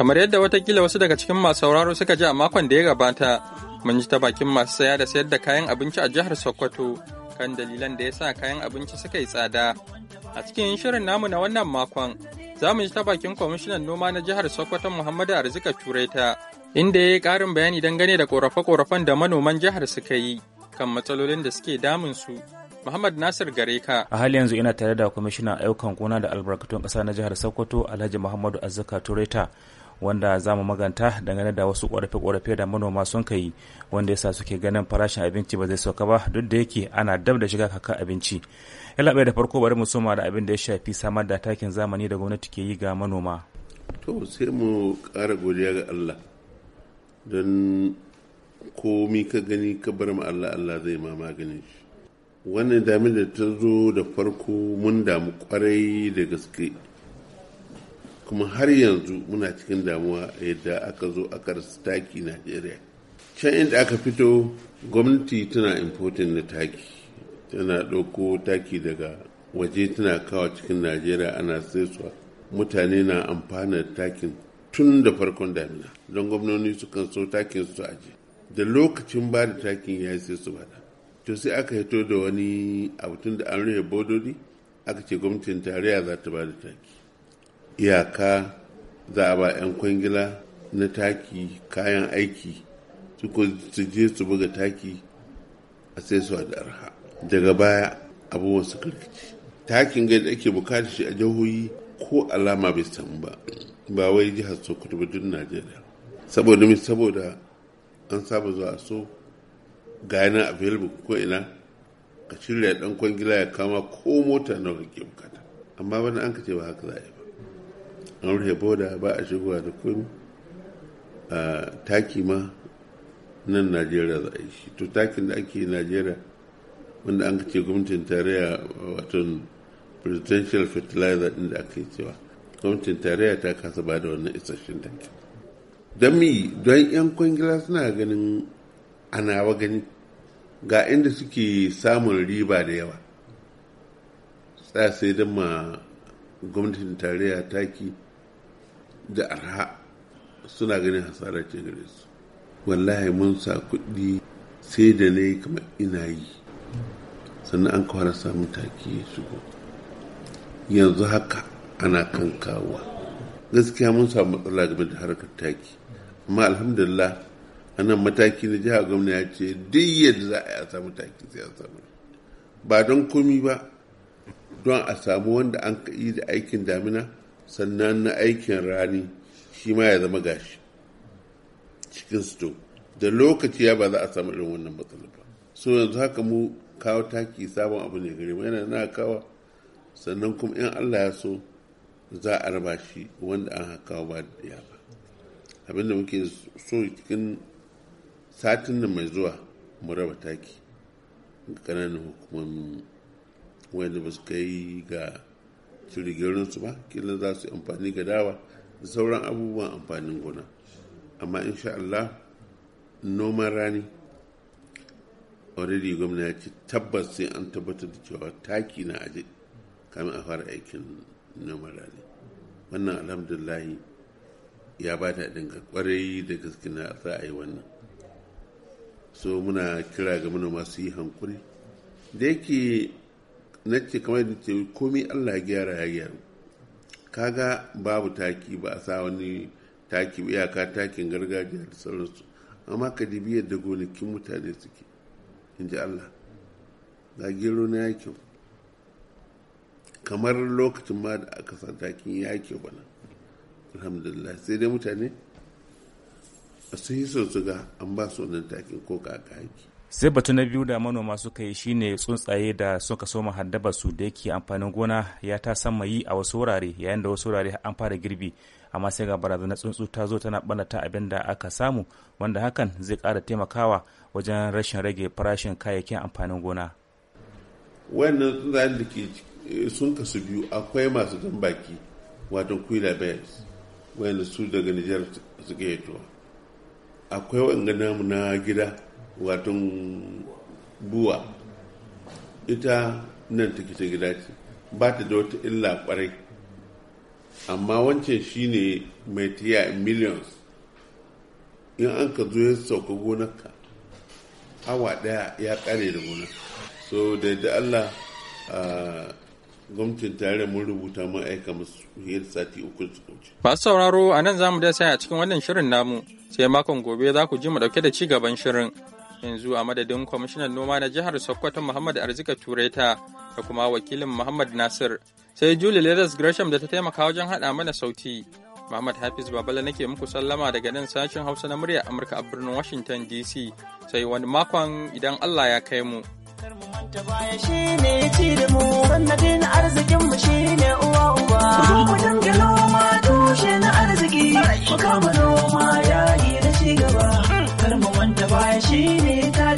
Kamar yadda watakila wasu daga cikin masu sauraro suka ji a makon da ya gabata, mun ji ta bakin masu saya da sayar da kayan abinci a jihar Sokoto kan dalilan da ya sa kayan abinci suka yi tsada. A cikin shirin namu na wannan makon, za mu ji ta bakin kwamishinan noma na jihar Sokoto Muhammadu Arzika Turaita, inda ya yi karin bayani dangane da korafe-korafen da manoman jihar suka yi kan matsalolin da suke damun su. Muhammad Nasir Gareka. A hali yanzu ina tare da kwamishinan ayyukan gona da albarkatun kasa na jihar Sokoto Alhaji Muhammadu Azzaka Turaita wanda za mu maganta dangane da wasu ƙorafe-ƙorafe da manoma sun kai wanda yasa suke ganin farashin abinci ba zai sauka ba duk da yake ana dab da shiga kaka abinci yalaɓai da farko bari mu soma da abin da ya shafi samar da takin zamani da gwamnati ke yi ga manoma to sai mu ƙara godiya ga allah don komi ka gani ka bar mu allah allah zai ma maganin shi wannan damin da ta zo da farko mun damu kwarai da gaske kuma har yanzu muna cikin damuwa yadda aka zo aka rasu taki najeriya can inda aka fito gwamnati tana importing na taki tana ɗauko taki daga waje tana kawo cikin najeriya ana saisuwa mutane na amfana takin tun da farkon damina don gwamnoni kan so takin su aje da lokacin ba da takin ya sai su bada to sai aka hito da wani abu tun da an rufe bododi aka ce gwamnatin tarayya za ta ba da taki iyaka za a ba 'yan kwangila na taki kayan aiki su je su buga taki a sai su da arha daga baya abubuwan su karkaci takin gai ake bukata shi a jihohi ko alama bai samu ba ba wai jihar sokoto ba duk najeriya saboda mai saboda an saba zuwa so ga yana available ko ina ka shirya dan kwangila ya kama ko mota nawa kake bukata amma bana an ka ce ba haka za a yi ba an rufe boda ba a shigowa da komi a taki ma nan najeriya za a yi shi to takin da ake najeriya wanda an ce gwamnatin tarayya wato presidential fertilizer din da aka yi cewa gwamnatin tarayya ta kasa ba da wannan isasshen takin don mi don yan kwangila suna ganin anawa gani ga inda suke samun riba da yawa sai don ma gwamnatin tarayya taki da arha suna ganin hasara ce gare su wallahi mun sa kuɗi sai da na yi kamar ina yi sannan an kawar samun taki ya shigo yanzu haka ana kan kawo gaskiya mun samu matsala game da harkar taki amma alhamdulillah a nan mataki na jiha gwamna ya ce duk yadda za a yi a samu taki sai samu ba don komi ba don a samu wanda an yi da aikin damina sannan na aikin rani shi ma ya zama gashi cikin sto da lokaci ya ba za a samu irin wannan matsala ba so yanzu haka mu kawo taki sabon abu ne gare mu yana na kawa sannan kuma in Allah ya so za a raba shi wanda an haka ba da ya ba abinda muke so cikin satin nan mai zuwa mu raba taki ga kananan hukumomin wanda ba su kai ga su ba kila za su amfani ga dawa da sauran abubuwan amfanin gona amma insha Allah noman rani already gwamna ya ce tabbas sai an tabbatar da cewa taki na aji kamin a fara aikin noman rani wannan alhamdulahi ya ba ta ɗin kwarai da gaske na za a yi wannan so muna kira ga manoma su yi hankuri da yake na ce kamar da ce komai allah ya gyara ya gyara kaga babu taki ba a sa wani taki iyaka takin gargajiya da sauransu amma ka dibi yadda gonakin mutane suke in ji allah ga gero na yakin kamar lokacin ma da aka sa takin ba bana alhamdulillah sai dai mutane a sun yi son su ga an ba su wannan takin ko ka aka haki sai batu na biyu da manoma suka yi shine tsuntsaye da suka soma haddaba su da yake amfanin gona ya ta samayi a wasu wurare yayin da wasu wurare an fara girbi amma sai ga barazanar tsuntsu ta zo tana banata abin da aka samu wanda hakan zai kara taimakawa wajen rashin rage farashin kayayyakin amfanin gona wannan tsuntsayen da ke eh, sun kasu biyu akwai masu jan baki wato kwila bears wanda su daga nijar suke hitowa akwai wanga namu na gida watan buwa ita nan take ta gida ce ba ta da wata illa kwarai amma wancan shi ne mai tiya millions in an ka zo ya sauka gonarka awa daya ya kare da gona so da yadda allah gwamnatin tare mun rubuta mun aika musu hiyar sati uku su kauce. Masu sauraro a nan zamu da sai a cikin wannan shirin namu sai makon gobe za ku ji mu dauke da ci gaban shirin yanzu a madadin kwamishinan noma na jihar sokoto muhammad arzika tureta da kuma wakilin muhammad nasir sai julie leathers gresham da ta taimaka wajen haɗa mana sauti muhammad hafiz babala nake muku sallama daga nan sashen hausa na murya amurka a birnin washington dc sai wani makon idan allah ya kai mu mu shine shine ta